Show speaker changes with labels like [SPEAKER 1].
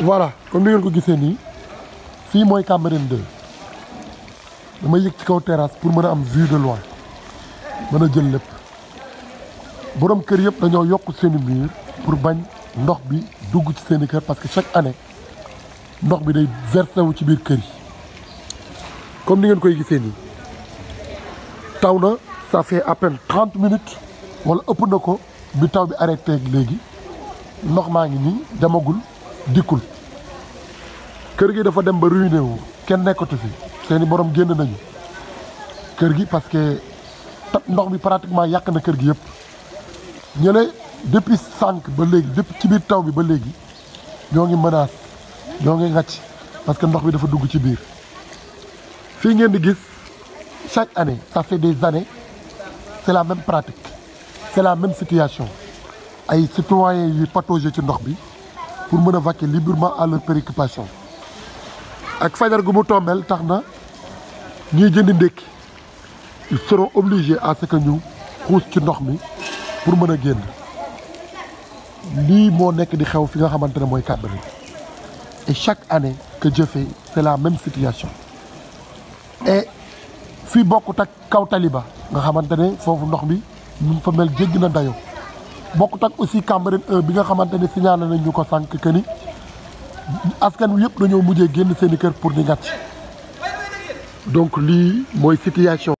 [SPEAKER 1] voilà comme ni ngeen ko gisee nii fii mooy Cambérène 2 damay yëg ci kaw terrasse pour mën a am vie de loin mën a jël lépp borom kër yëpp dañoo yokk seeni mur pour bañ ndox bi dugg ci seeni kër parce que chaque année ndox bi day versé ci biir kër yi comme ni ngeen koy gisee nii taw na ça fait à peine trente minutes wala ëpp na ko bi taw bi arrêté léegi ndox maa ngi nii demagul. dikkul kër gi dafa dem ba ruiné wu kenn nekkatu fi seeni borom génn nañu kër gi parce que ndox mi pratiquement yàq na kër gi yëpp ñële depuis sànq ba léegi depuis ci biir taw bi ba léegi ñoo ngi menace ñoo ngi ngàcc parce que ndox bi dafa dugg ci biir fii ngeen di gis chaque année ça fait des années c'est la même pratique c'est la même situation ay citoyens yuy patauger ci ndox bi pour mën a vaquer librement à leurs préoccupations ak fajar gu mu tombeel tax na ñuy jënd ndékki ils seront obligés à ce que ñu xuus ci ndox mi pour mën a génn lii moo nekk di xew fi nga xamante ne mooy Cambérène et chaque année que jëfe fais c'est la même situation et fii bokkut ak kaw taliba nga xamante ne foofu ndox mi mu fa mel jéggi na dayoo bokk ak aussi Cambérène 1 bi nga xamante ni signalé nañ ñu ko sànq que ni askan wi yëpp dañoo mujjee génn seen i kër pour di ngàcc donc lii mooy situation.